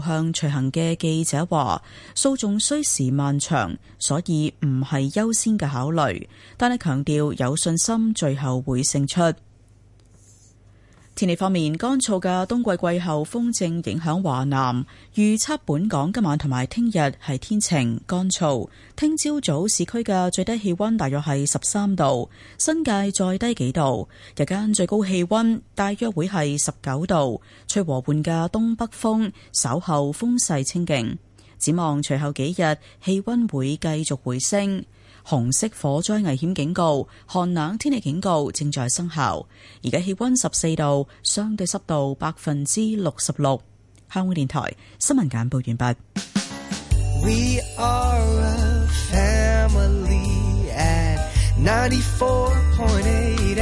向隨行嘅記者話：訴訟需時漫長，所以唔係優先嘅考慮。但係強調有信心，最後會勝出。天氣方面，乾燥嘅冬季季候風正影響華南。預測本港今晚同埋聽日係天晴乾燥，聽朝早市區嘅最低氣溫大約係十三度，新界再低幾度。日間最高氣溫大約會係十九度，吹和緩嘅東北風，稍後風勢清勁。展望隨後幾日，氣溫會繼續回升。紅色火災危險警告、寒冷天氣警告正在生效。而家氣溫十四度，相對濕度百分之六十六。香港電台新聞簡報完畢。We are a family at 94.8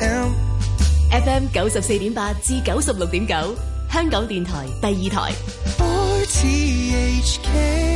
FM。FM 九十四點八至九十六點九，香港電台第二台。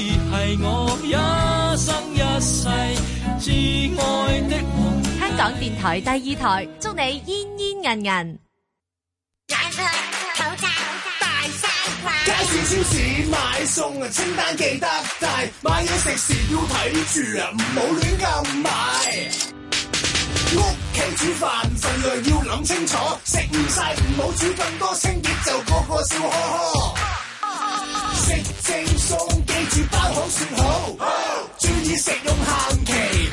係我一生一世至愛的香港電台第二台，祝你煙煙韌韌。街市超市買餸，清單記得帶，買嘢食時要睇住，唔好亂咁買。屋企煮飯份量要諗清楚，食唔晒唔好煮咁多，清潔就個個笑呵呵。即正送，記住包好算好，注意食用限期，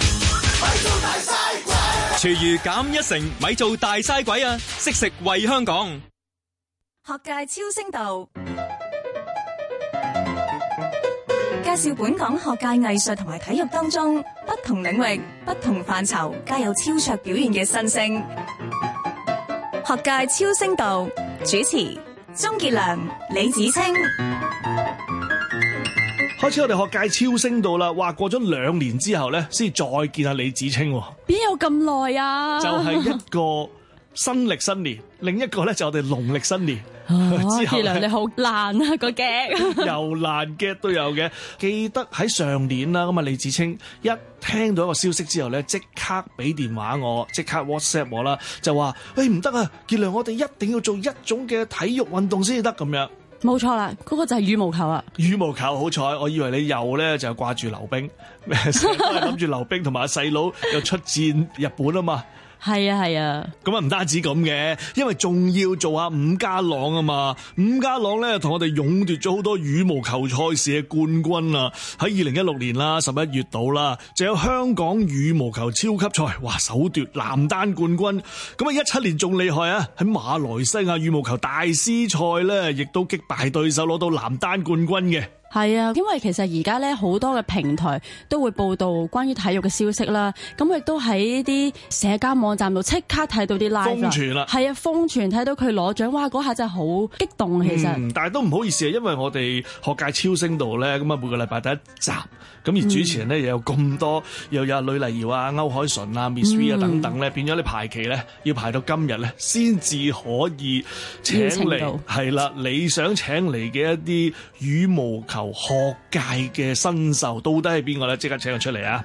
咪做大曬鬼。廚餘減一成，咪做大曬鬼啊！識食為香港。學界超星道介紹本港學界、藝術同埋體育當中不同領域、不同範疇皆有超卓表現嘅新星。學界超星道主持：鍾杰良、李芷菁。開始我哋學界超升到啦，哇！過咗兩年之後咧，先再見阿李芷菁。邊有咁耐啊？就係一個新歷新年，另一個咧就我哋農曆新年、啊、之後咧。杰良你好爛啊個 gag， 又爛嘅都有嘅。記得喺上年啦，咁啊李芷菁一聽到一個消息之後咧，即刻俾電話我，即刻 WhatsApp 我啦，就話：喂、欸，唔得啊，杰良，我哋一定要做一種嘅體育運動先至得咁樣。冇錯啦，嗰個就係羽毛球啊！羽毛球，好彩，我以為你又咧就掛住溜冰，諗住溜冰，同埋細佬又出戰日本啊嘛！係啊係啊，咁啊唔單止咁嘅，因為仲要做下伍家朗啊嘛，伍家朗咧同我哋勇奪咗好多羽毛球賽事嘅冠軍啊！喺二零一六年啦，十一月到啦，就有香港羽毛球超級賽，哇，首奪男單冠軍。咁啊一七年仲厲害啊，喺馬來西亞羽毛球大師賽咧，亦都擊敗對手攞到男單冠軍嘅。係啊，因為其實而家咧好多嘅平台都會報道關於體育嘅消息啦，咁亦都喺啲社交網站度即刻睇到啲拉風啦，係啊，瘋傳睇到佢攞獎，哇，嗰下真係好激動，其實，嗯、但係都唔好意思啊，因為我哋學界超星度咧，咁啊每個禮拜第一集。咁而主持人咧又有咁多，又有呂麗瑤啊、歐海純啊、Miss t、嗯、啊等等咧，變咗你排期咧，要排到今日咧，先至可以請嚟。係啦，你想請嚟嘅一啲羽毛球學界嘅新秀到底係邊個咧？即刻請佢出嚟啊！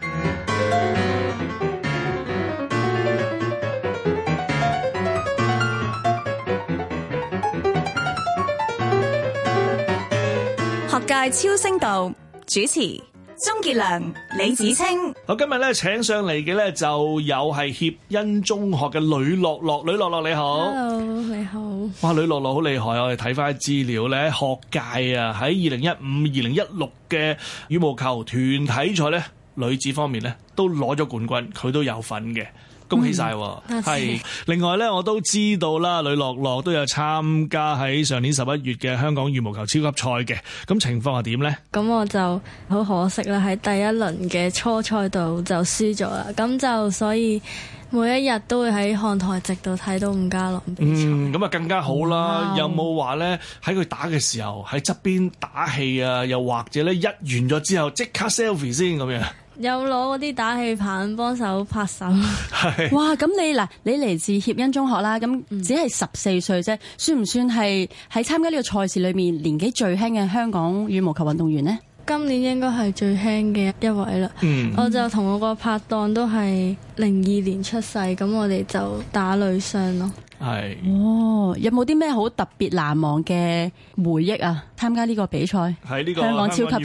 學界超聲道主持，鍾傑良、李芷菁，好，今日咧，請上嚟嘅咧就有係協恩中學嘅呂樂樂，呂樂樂你好，Hello 你好，Hello, 你好，哇，呂樂樂好厲害，我哋睇翻啲資料咧，學界啊喺二零一五、二零一六嘅羽毛球團體賽咧，女子方面咧都攞咗冠軍，佢都有份嘅。恭喜曬！係，嗯、是另外咧，我都知道啦，呂樂樂都有參加喺上年十一月嘅香港羽毛球超級賽嘅。咁情況係點咧？咁我就好可惜啦，喺第一輪嘅初賽度就輸咗啦。咁就所以每一日都會喺看台直度睇到伍家朗嗯、比賽。咁啊更加好啦！嗯、有冇話咧喺佢打嘅時候喺側邊打氣啊？又或者咧一完咗之後即刻 selfie 先咁樣？有攞嗰啲打氣棒幫手拍手。係是。哇，咁你嗱，你嚟自協恩中學啦，咁只係十四歲啫，算唔算係喺參加呢個賽事裏面年紀最輕嘅香港羽毛球運動員呢？今年應該係最輕嘅一位啦。嗯。我就同我個拍檔都係零二年出世，咁我哋就打女雙咯。係是。哦，有冇啲咩好特別難忘嘅回憶啊？參加呢個比賽。喺呢、呢個香港超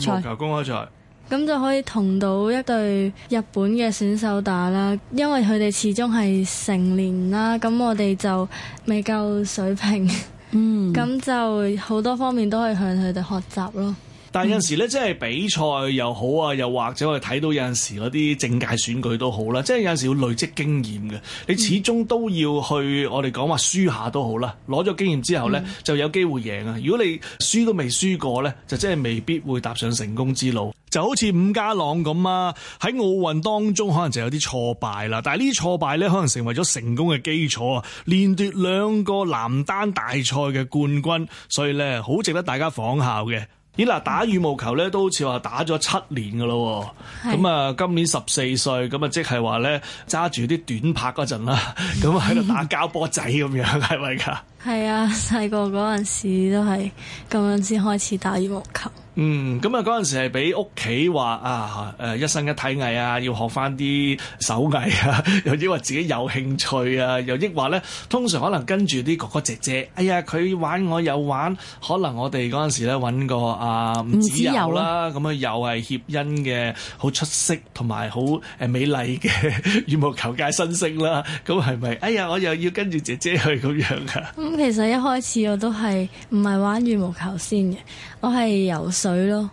級賽。咁就可以同到一對日本嘅選手打啦，因為佢哋始終係成年啦，咁我哋就未夠水平，咁、嗯、 就好多方面都可以向佢哋學習咯。但有陣時咧，即係比賽又好啊，又或者我哋睇到有陣時嗰啲政界選舉都好啦。即係有陣時要累積經驗嘅，你始終都要去我哋講話輸下都好啦。攞咗經驗之後咧，就有機會贏啊。如果你輸都未輸過咧，就真係未必會踏上成功之路。就好似伍家朗咁啊，喺奧運當中可能就有啲挫敗啦，但係呢啲挫敗咧，可能成為咗成功嘅基礎啊。連奪兩個男單大賽嘅冠軍，所以咧，好值得大家仿效嘅。咦嗱，打羽毛球咧都好似話打咗七年噶咯，咁啊是今年十四歲，咁啊即係話咧揸住啲短拍嗰陣啦，咁啊喺度打交波仔咁樣，係咪噶？係啊，細個嗰陣時都係咁樣先開始打羽毛球。嗯，咁啊陣時係係俾屋企話啊，誒、呃、一生一體藝啊，要學翻啲手藝啊，又抑或自己有興趣啊，又抑或咧，通常可能跟住啲哥哥姐姐，哎呀佢玩我又玩，可能我哋陣時咧揾個啊吳子友啦，咁啊、嗯、又係協恩嘅好出色同埋好誒美麗嘅 羽毛球界新星啦，咁係咪？哎呀，我又要跟住姐姐去咁樣噶、啊？咁、嗯、其實一開始我都係唔係玩羽毛球先嘅，我係游水。水咯，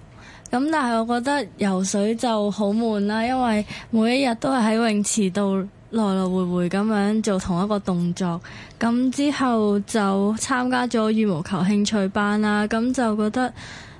咁但係我覺得游水就好悶啦，因為每一日都係喺泳池度來來回回咁樣做同一個動作，咁之後就參加咗羽毛球興趣班啦，咁就覺得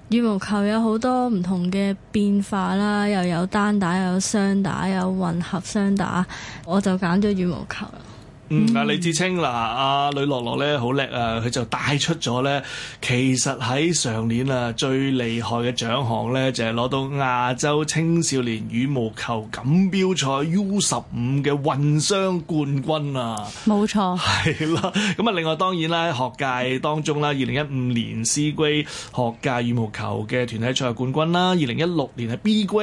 羽毛球有好多唔同嘅變化啦，又有單打，又有雙打，又有混合雙打，我就揀咗羽毛球啦。嗯，阿李芷菁，嗱、呃，阿呂樂樂咧好叻啊！佢、呃、就帶出咗咧，其實喺上年啊最厲害嘅獎項咧，就係、是、攞到亞洲青少年羽毛球錦標賽 U 十五嘅混雙冠軍啊！冇錯，係啦。咁啊，另外當然啦，學界當中啦，二零一五年 C 級學界羽毛球嘅團體賽冠軍啦，二零一六年係 B 級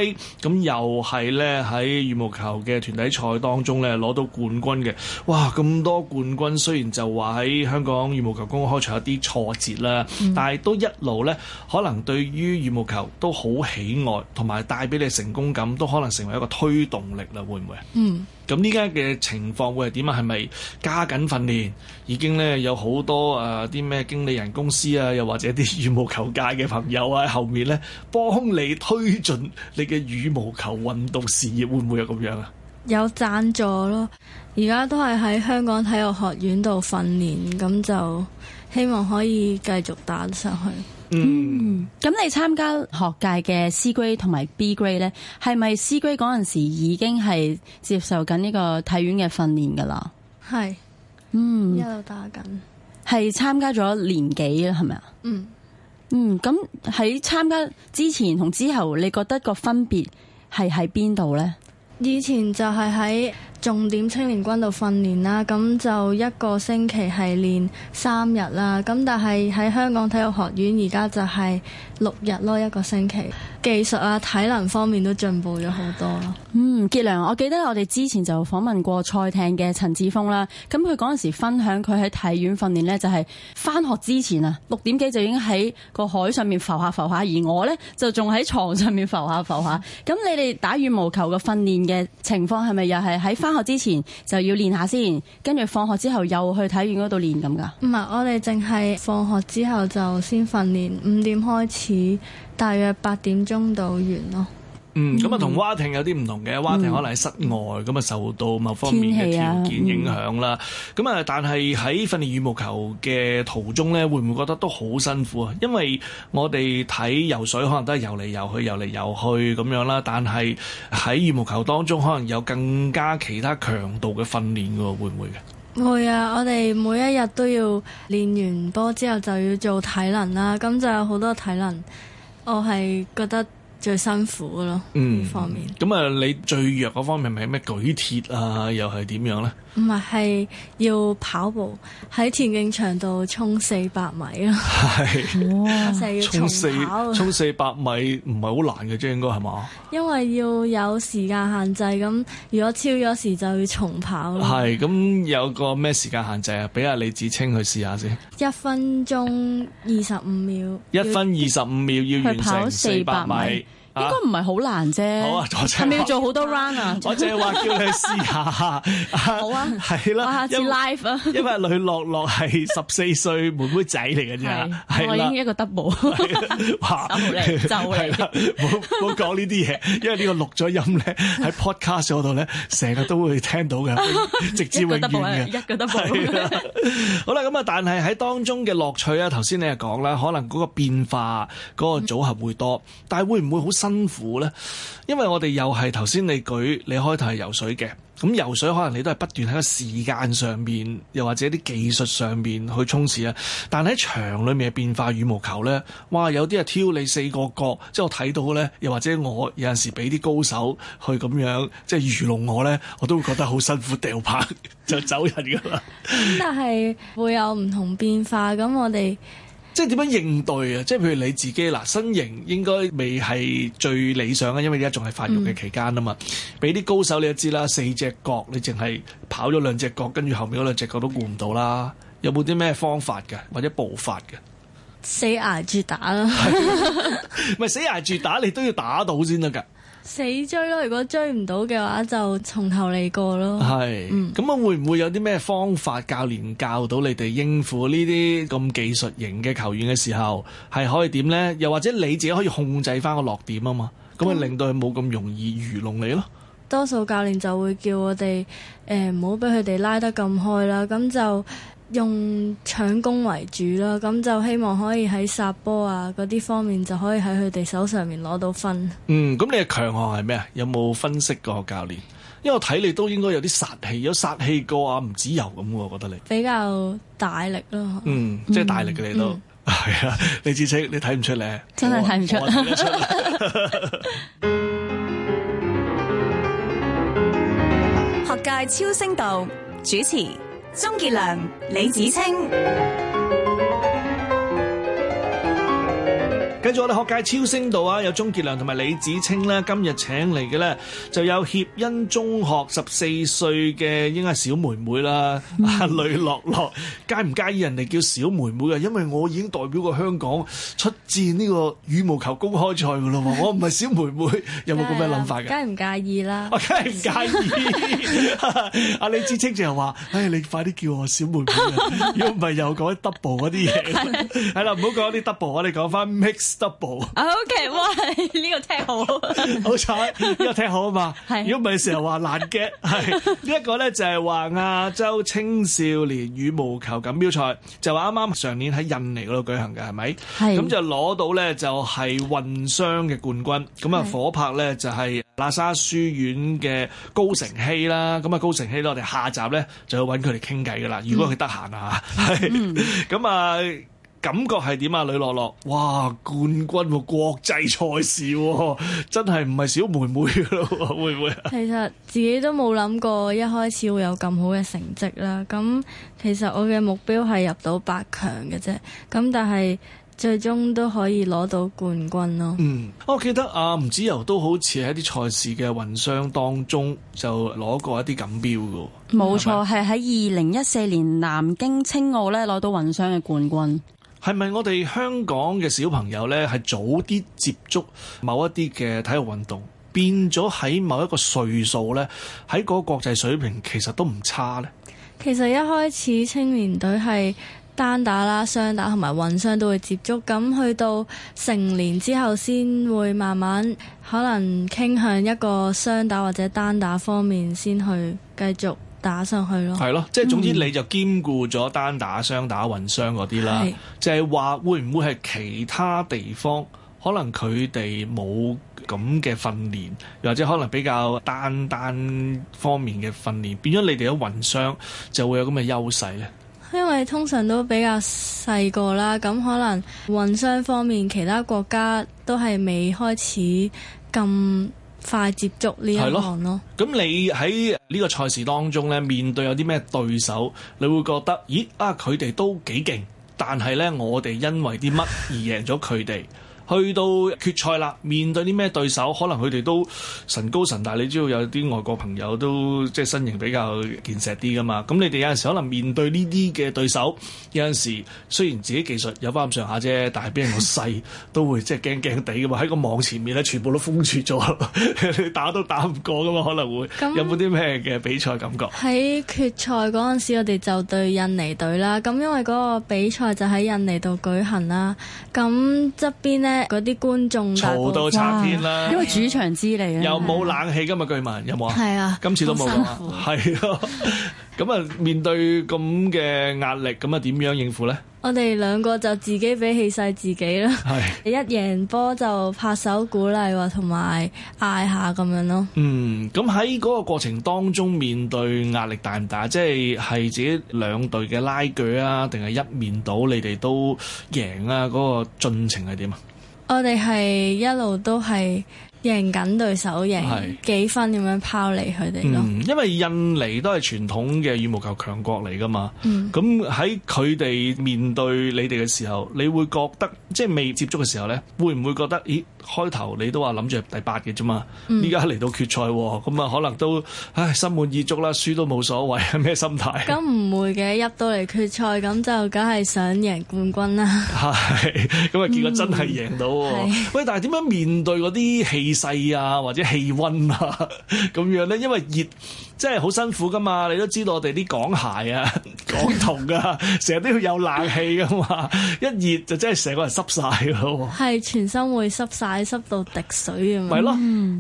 咁又係咧喺羽毛球嘅團體賽當中咧攞到冠軍嘅，哇！咁多冠軍，雖然就話喺香港羽毛球公開賽有啲挫折啦，嗯、但係都一路呢，可能對於羽毛球都好喜愛，同埋帶俾你成功感，都可能成為一個推動力啦，會唔會啊？嗯，咁呢家嘅情況會係點啊？係咪加緊訓練？已經呢，有好多啊啲咩經理人公司啊，又或者啲羽毛球界嘅朋友喺後面呢，幫你推進你嘅羽毛球運動事業，會唔會有咁樣啊？有贊助咯，而家都係喺香港體育學院度訓練，咁就希望可以繼續打上去。嗯、咁、嗯、你參加學界嘅 C grade 同埋 B grade 呢？係咪 C grade 嗰陣時已經係接受緊呢個體院嘅訓練噶啦？係，嗯，一路打緊，係參加咗年幾啦？係咪啊？嗯嗯，咁喺參加之前同之後，你覺得個分別係喺邊度呢？以前就係喺重點青年軍度訓練啦，咁就一個星期係練三日啦，咁但係喺香港體育學院而家就係六日咯，一個星期。技術啊，體能方面都進步咗好多。嗯，傑良，我記得我哋之前就訪問過賽艇嘅陳志峯啦。咁佢嗰陣時分享佢喺體院訓練呢，就係返學之前啊，六點幾就已經喺個海上面浮下浮下。而我呢，就仲喺床上面浮下浮下。咁你哋打羽毛球嘅訓練嘅情況係咪又係喺返學之前就要練下先，跟住放學之後又去體院嗰度練咁噶？唔係，我哋淨係放學之後就先訓練，五點開始。大約八點鐘到完咯。嗯，咁啊、嗯，同蛙艇有啲唔同嘅，嗯、蛙艇可能喺室外，咁啊、嗯、受到某方面嘅條件影響啦。咁啊，嗯、但係喺訓練羽毛球嘅途中呢，會唔會覺得都好辛苦啊？因為我哋睇游水可能都係游嚟游去，游嚟游去咁樣啦。但係喺羽毛球當中，可能有更加其他強度嘅訓練噶，會唔會嘅？會啊，我哋每一日都要練完波之後就要做體能啦，咁就有好多體能。我係覺得。最辛苦咯，呢、嗯、方面。咁啊、嗯，你最弱嗰方面係咪咩舉鐵啊，又係點樣咧？唔係，係要跑步喺田徑場度衝四百米咯。係，哇！就要重跑。衝四百米唔係好難嘅啫，應該係嘛？因為要有時間限制，咁如果超咗時就要重跑咯。係，咁有個咩時間限制啊？俾阿李芷菁去試下先。一分鐘二十五秒。一要分二十五秒要完成四百米。應該唔係好難啫。好啊，係咪要做好多 run 啊？我淨係話叫你試下好啊，係啦。下次 live 啊，因為呂樂樂係十四歲妹妹仔嚟嘅啫。係，我已經一個 double。哇，走嚟就嚟。冇冇講呢啲嘢，因為呢個錄咗音咧，喺 podcast 度咧，成日都會聽到嘅，直至永遠。一個 double 好啦，咁啊，但係喺當中嘅樂趣啊，頭先你又講啦，可能嗰個變化嗰個組合會多，但係會唔會好？辛苦呢，因為我哋又係頭先你舉你開頭係游水嘅，咁游水可能你都係不斷喺個時間上面，又或者啲技術上面去衝刺啊。但喺場裏面嘅變化，羽毛球呢，哇，有啲係挑你四個角，即係我睇到呢，又或者我有陣時俾啲高手去咁樣即係愚弄我呢，我都會覺得好辛苦，掉拍 就走人噶啦。但係會有唔同變化，咁我哋。即係點樣應對啊？即係譬如你自己嗱，身形應該未係最理想啊，因為而家仲係發育嘅期間啊嘛。俾啲、嗯、高手你都知啦，四隻角你淨係跑咗兩隻角，跟住後面嗰兩隻角都顧唔到啦。有冇啲咩方法嘅或者步法嘅？死挨住打啦，唔係死挨住打，你都要打到先得㗎。死追咯！如果追唔到嘅話，就從頭嚟過咯。係是，咁啊、嗯、會唔會有啲咩方法？教練教到你哋應付呢啲咁技術型嘅球員嘅時候，係可以點呢？又或者你自己可以控制翻個落點啊嘛？咁啊令到佢冇咁容易愚弄你咯。嗯、多數教練就會叫我哋誒，唔好俾佢哋拉得咁開啦。咁就。用搶攻為主啦，咁就希望可以喺殺波啊嗰啲方面就可以喺佢哋手上面攞到分。嗯，咁你嘅強項係咩啊？有冇分析過教練？因為我睇你都應該有啲殺氣，有殺氣個啊，唔止油，咁我覺得你比較大力咯，嗯嗯。嗯，即係大力嘅你都係啊，你自己你睇唔出咧？真係睇唔出。 學界超聲道主持。鍾傑良、李芷菁。跟住我哋學界超聲道啊，有鍾傑良同埋李芷菁咧，今日請嚟嘅咧，就有協恩中學十四歲嘅應該係小妹妹啦，阿，呂樂樂，介唔介意人哋叫小妹妹啊？因為我已經代表過香港出戰呢個羽毛球公開賽噶啦喎，我唔係小妹妹，有冇咁嘅諗法嘅？梗係唔介意啦，我梗係唔介意。阿李芷菁就話：唉，你快啲叫我小妹妹，如果唔係又講 double 嗰啲嘢。係啦，唔好講啲 double，我哋講翻 mix。double，OK，、okay, 哇，呢、這個聽好， 這個、聽好彩，呢個聽好啊嘛。如果唔係成日話爛 get，係、這個、呢一個咧就係話亞洲青少年羽毛球錦標賽，就話啱啱上年喺印尼嗰度舉行嘅，係咪？係咁是就攞到咧就係、是、混雙嘅冠軍。咁啊，火拍咧就係喇沙書院嘅高成熙啦。咁、嗯、 啊，高成熙咧，我哋下集咧就要搵佢哋傾偈噶啦。如果佢得閒啊吓，咁啊。感覺係點啊？呂樂樂，哇！冠軍、啊、國際賽事、啊，真係唔係小妹妹咯，會唔會啊？其實自己都冇諗過一開始會有咁好嘅成績啦。咁其實我嘅目標係入到八強嘅啫。咁但係最終都可以攞到冠軍咯。嗯，我記得阿吳子游都好似喺啲賽事嘅混雙當中就攞過一啲錦標嘅。冇錯錯，係喺二零一四年南京青奧咧攞到混雙嘅冠軍。係咪我哋香港嘅小朋友呢？係早啲接觸某一啲嘅體育運動，變咗喺某一個歲數呢，喺嗰個國際水平其實都唔差呢。其實一開始青年隊係單打啦、雙打同埋混雙都會接觸，咁去到成年之後先會慢慢可能傾向一個雙打或者單打方面先去繼續。打上去咯，係咯，即係總之你就兼顧咗單打、雙打、混雙嗰啲啦。就係話會唔會係其他地方可能佢哋冇咁嘅訓練，又或者可能比較單單方面嘅訓練，變咗你哋喺混雙就會有咁嘅優勢咧？因為通常都比較細個啦，咁可能混雙方面其他國家都係未開始咁。快接觸呢一行咯。咁你喺呢個賽事當中呢，面對有啲咩對手，你會覺得，咦啊，佢哋都幾勁，但係呢，我哋因為啲乜而贏咗佢哋？ 去到決賽啦，面對啲咩對手？可能佢哋都神高神大，你知道有啲外國朋友都即係身形比較健碩啲噶嘛。咁你哋有陣時可能面對呢啲嘅對手，有陣時雖然自己技術有翻咁上下啫，但係俾人個細都會即係驚驚哋噶嘛。喺個網前面咧，全部都封住咗， 打都打唔過噶嘛。可能會那有冇啲咩嘅比賽感覺？喺決賽嗰陣時我哋就對印尼隊啦。咁因為個比賽就喺印尼度舉行啦。咁側邊咧。嗰啲觀眾嘈到拆天啦，嘩因為主場之利，咧，又冇冷氣㗎嘛。巨文有冇啊？係啊，今次都冇啊，係咯。咁是啊， 面對咁嘅壓力，咁啊，點樣應付咧？我哋兩個就自己俾氣勢自己啦。係、啊、一贏波就拍手鼓勵，同埋嗌下咁樣咯。嗯，咁喺嗰個過程當中，面對壓力大唔大？即係係自己兩隊嘅拉鋸啊，定係一面倒？你哋都贏啊？嗰、那個進程係點啊？我哋係一路都係。贏緊對手贏是幾分，點樣拋離佢哋咯？嗯，因為印尼都係傳統嘅羽毛球強國嚟噶嘛。咁喺佢哋面對你哋嘅時候，你會覺得即係未接觸嘅時候咧，會唔會覺得？咦，開頭你都話諗住入第八嘅啫嘛。嗯。依家嚟到決賽，咁啊可能都唉心滿意足啦，輸都冇所謂，係咩心態？咁唔會嘅，入到嚟決賽咁就梗係想贏冠軍啦。係。 咁啊，結果真係贏到。係是。喂，但係點樣面對嗰啲氣？細啊，或者氣溫啊，咁樣咧，因為熱。即係好辛苦㗎嘛，你都知道我哋啲港孩啊、港童啊，成日都要有冷氣㗎嘛，一熱就真係成個人濕晒咯。係全身會濕晒，濕到滴水咁。咪咯，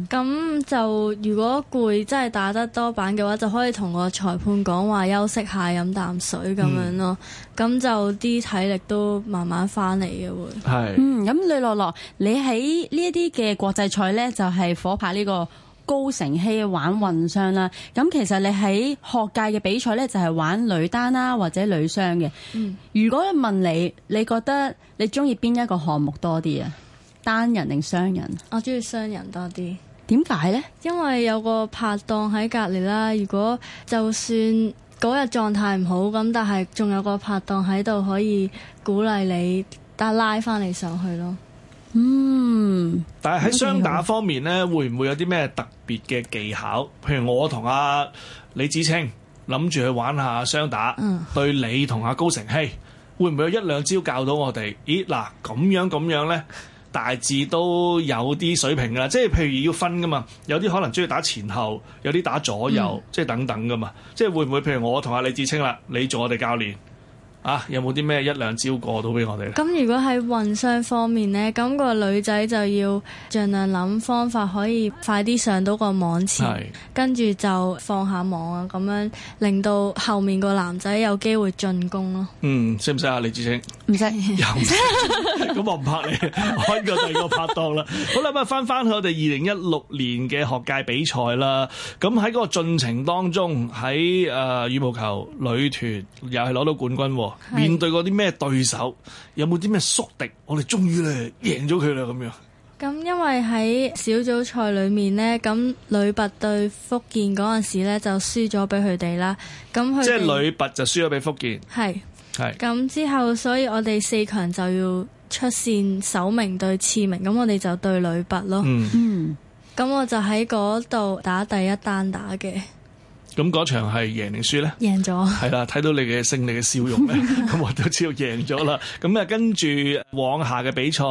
咁、嗯、就如果攰，真係打得多板嘅話，就可以同個裁判講話休息下，飲啖水咁樣咯。咁、嗯、就啲體力都慢慢翻嚟嘅喎。係是。嗯，咁呂樂樂，你喺呢一啲嘅國際賽呢，就係、是、火拍呢、這個。高成希玩混雙啦，咁其實你喺學界嘅比賽呢，就係玩女單啦或者女雙嘅。嗯。如果問你，你覺得你中意邊一個項目多啲啊？單人定雙人？我中意雙人多啲。點解呢？因為有個拍檔喺隔籬啦。如果就算嗰日狀態唔好咁，但係仲有個拍檔喺度可以鼓勵你，但拉翻你上去咯。嗯。但係喺雙打方面呢，會唔會有啲咩特別嘅技巧？譬如我同阿李芷菁諗住去玩下雙打，嗯、對你同阿高成希，會唔會有一兩招教到我哋？咦，嗱咁樣咁樣呢，大致都有啲水平噶啦，即係譬如要分噶嘛，有啲可能中意打前後，有啲打左右，嗯、即係等等噶嘛，即係會唔會？譬如我同阿李芷菁啦，你做我哋教練。啊！有冇啲咩一兩招過到俾我哋咧？咁如果喺混雙方面呢，咁、那個女仔就要盡量諗方法，可以快啲上到個網前，是跟住就放下網啊，咁樣令到後面個男仔有機會進攻咯。嗯，識唔識啊？李芷菁？唔使，又唔使，咁 我唔拍你，開個第二個拍檔啦。好啦，咁啊翻翻去我哋二零一六年嘅學界比賽啦。咁喺嗰個進程當中，喺誒、呃、羽毛球女團又係攞到冠軍。是面對嗰啲咩對手，有冇啲咩宿敵？我哋終於咧贏咗佢啦，咁樣。咁因為喺小組賽裏面呢，咁女拔對福建嗰陣時咧就輸咗俾佢哋啦。咁佢即係女拔就輸咗俾福建。係。係咁是之後，所以我哋四強就要出線，首名對次名，咁我哋就對女拔咯。嗯，咁我就喺嗰度打第一單打嘅。咁嗰場係贏定輸呢？贏咗係啦，睇到你嘅勝利嘅笑容呢，咁 我都知道贏咗啦。咁啊，跟住往下嘅比賽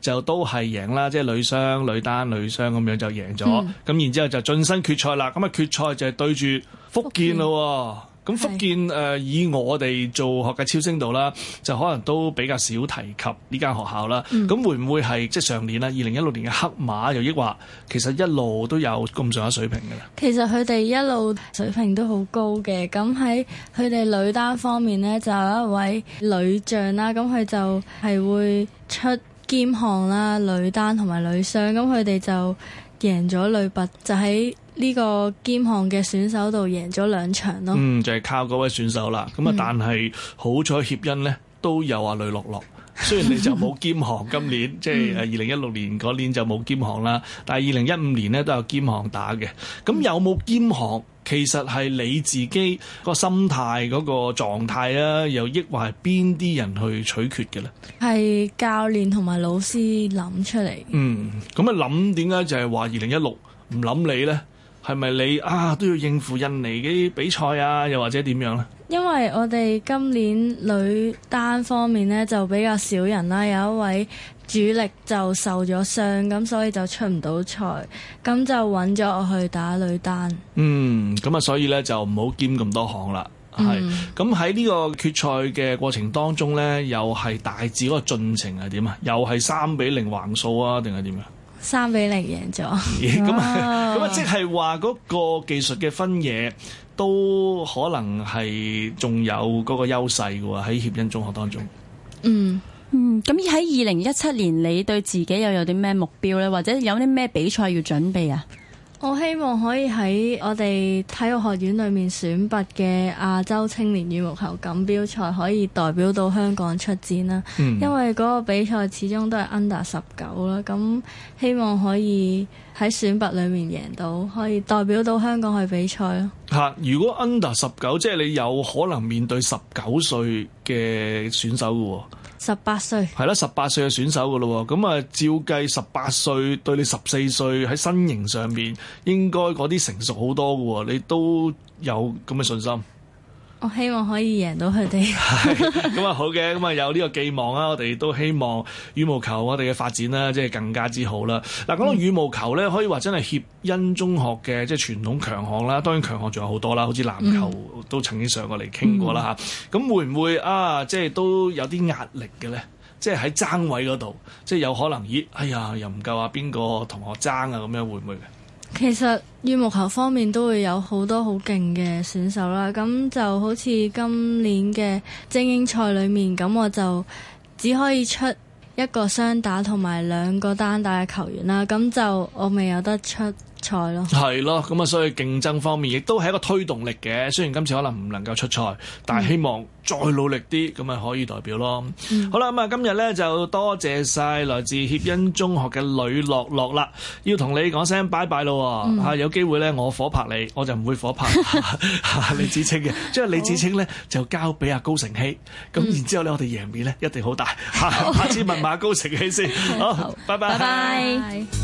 就都係贏啦，即係女雙、女單、女雙咁樣就贏咗。咁、嗯、然之後就晉身決賽啦。咁啊，決賽就係對住福建咯。咁福建誒是、呃、以我哋做學界超聲度啦，就可能都比較少提及呢間學校啦。咁、嗯、會唔會係即係上年啦，二零一六年嘅黑馬，又抑或其實一路都有咁上下水平嘅咧？其實佢哋一路水平都好高嘅。咁喺佢哋女單方面呢，就有一位女將啦。咁佢就係會出兼項啦，女單同埋女雙。咁佢哋就贏咗女拔，就喺呢個兼項嘅選手度贏咗兩場咯，嗯，就係、是、靠嗰位選手啦。咁啊，但係、嗯、好彩協恩呢都有阿呂樂樂，雖然你就冇兼項今年， 即係二零一六年嗰年就冇兼項啦。但係二零一五年呢都有兼項打嘅。咁有冇兼項，其實係你自己個心態、嗰個心態嗰個狀態啊，又抑或係邊啲人去取決嘅呢？係教練同埋老師諗出嚟。嗯，咁啊諗點解就係話二零一六唔諗你呢？係咪你啊都要應付印尼嘅比賽啊，又或者點樣呢、啊？因為我哋今年女單方面呢，就比較少人啦，有一位主力就受咗傷，咁所以就出唔到賽，咁就揾咗我去打女單。嗯，咁啊，所以呢就唔好兼咁多行啦。係，咁喺呢個決賽嘅過程當中呢，又係大致嗰個進程係點啊？又係三比零橫掃啊，定係點啊？三比零贏咗，咁啊咁啊，即係話嗰個技術嘅分野都可能係仲有嗰個優勢嘅喎，喺協恩中學當中。嗯嗯，咁喺二零一七年，你對自己又有啲咩目標咧？或者有啲咩比賽要準備啊？我希望可以喺我哋體育學院裏面選拔嘅亞洲青年羽毛球錦標賽，可以代表到香港出戰啦。嗯。因為嗰個比賽始終都係 under 十九啦，咁希望可以喺選拔裏面贏到，可以代表到香港去比賽咯。吓，如果 under 十九，即係你有可能面對十九歲嘅選手喎。十八歲係啦，十八歲嘅選手噶咯，咁啊照計十八歲對你十四歲喺身形上面應該嗰啲成熟好多嘅喎，你都有咁嘅信心。我希望可以贏到佢哋。咁 啊好嘅，咁啊有呢個寄望啦。我哋都希望羽毛球我哋嘅發展啦，即係更加之好啦。嗱、嗯，講到羽毛球咧，可以話真係協恩中學嘅即係傳統強項啦。當然強項仲有好多啦，好似籃球都曾經上過嚟傾過啦吓。咁、嗯、會唔會啊？即係都有啲壓力嘅咧？即係喺爭位嗰度，即係有可能咦？哎呀，又唔夠啊！邊個同學爭啊？咁樣會唔會？其實羽毛球方面都會有好多好勁嘅選手啦，咁就好似今年嘅精英賽裡面，咁我就只可以出一個雙打同埋兩個單打嘅球員啦，咁就我未有得出。賽咯，係咯，咁啊，所以競爭方面亦都係一個推動力嘅。雖然今次可能唔能夠出賽，但係希望再努力啲，咁咪可以代表咯。嗯、好啦，咁啊今日咧就多謝晒來自協恩中學嘅呂樂樂啦，要同你講聲拜拜咯。嗯、啊，有機會咧我火拍你，我就唔會火拍 李芷菁嘅，即係李芷菁咧好就交俾阿高成希。咁然之後咧，嗯、我哋贏面咧一定好大。 下次問吓高成希先。 好，好好拜拜。拜拜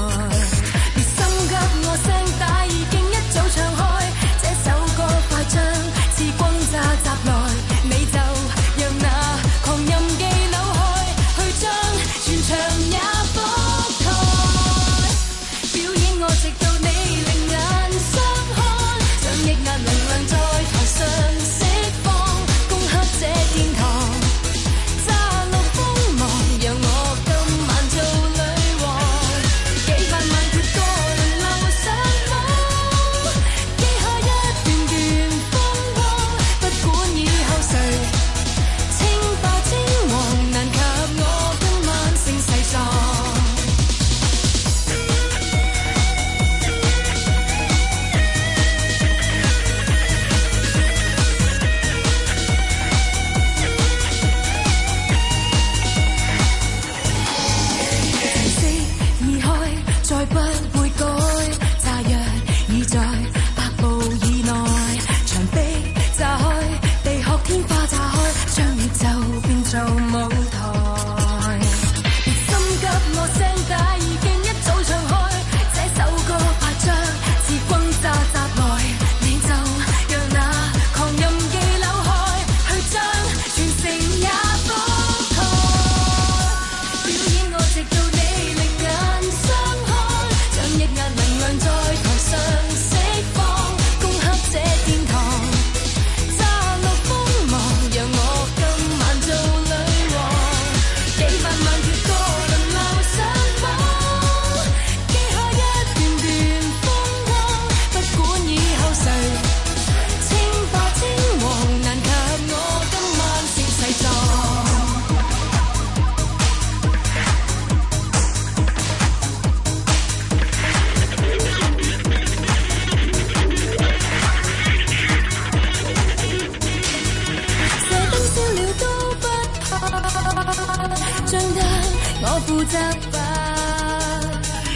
我負責吧，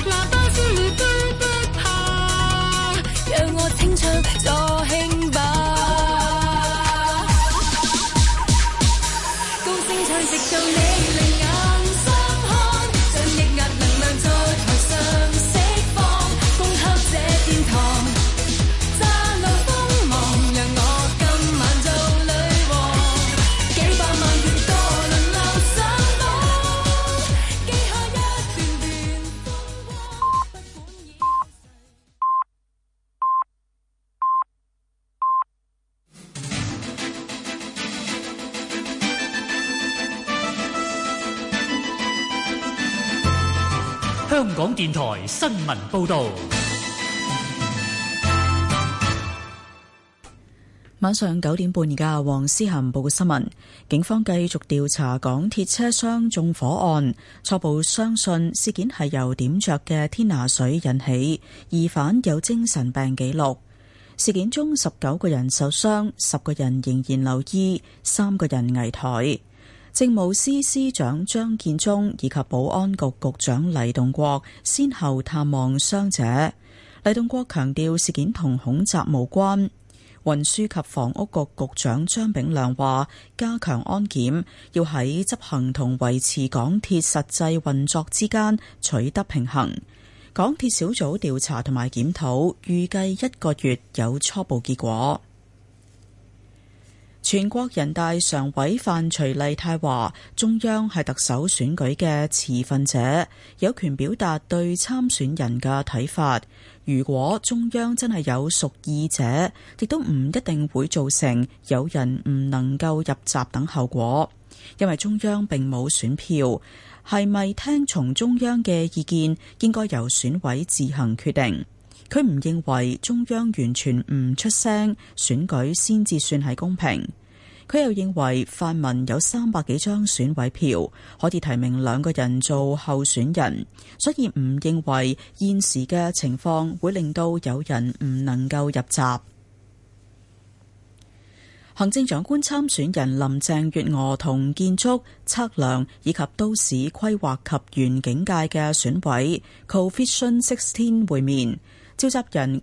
哪怕失戀都不怕，讓我清唱。新聞報道。晚上九點半，而家黃思嫻報嘅新聞，警方繼續調查港鐵車廂縱火案，初步相信事件係由點着嘅天拿水引起，疑犯有精神病記錄。事件中十九個人受傷，十個人仍然留醫，三個人危殆。政務司司長張建宗以及保安局局長黎棟國先後探望傷者。黎棟國強調事件同恐襲無關。運輸及房屋局局，局長張炳良話：加強安檢，要喺執行同維持港鐵實際運作之間取得平衡。港鐵小組調查同埋檢討，預計一個月有初步結果。全國人大常委范徐麗泰話：中央係特首選舉嘅持份者，有權表達對參選人嘅睇法。如果中央真係有屬意者，亦都唔一定會造成有人唔能夠入閘等後果，因為中央並冇選票，係咪聽從中央嘅意見，應該由選委自行決定。佢唔認為中央完全唔出聲，選舉先至算係公平。佢又認為泛民有三百幾張選委票，可以提名兩個人做候選人，所以唔認為現時嘅情況會令到有人唔能夠入閘。行政長官參選人林鄭月娥同建築、測量以及都市規劃及園境界嘅選委，Call Vision Six 天會面。召集人。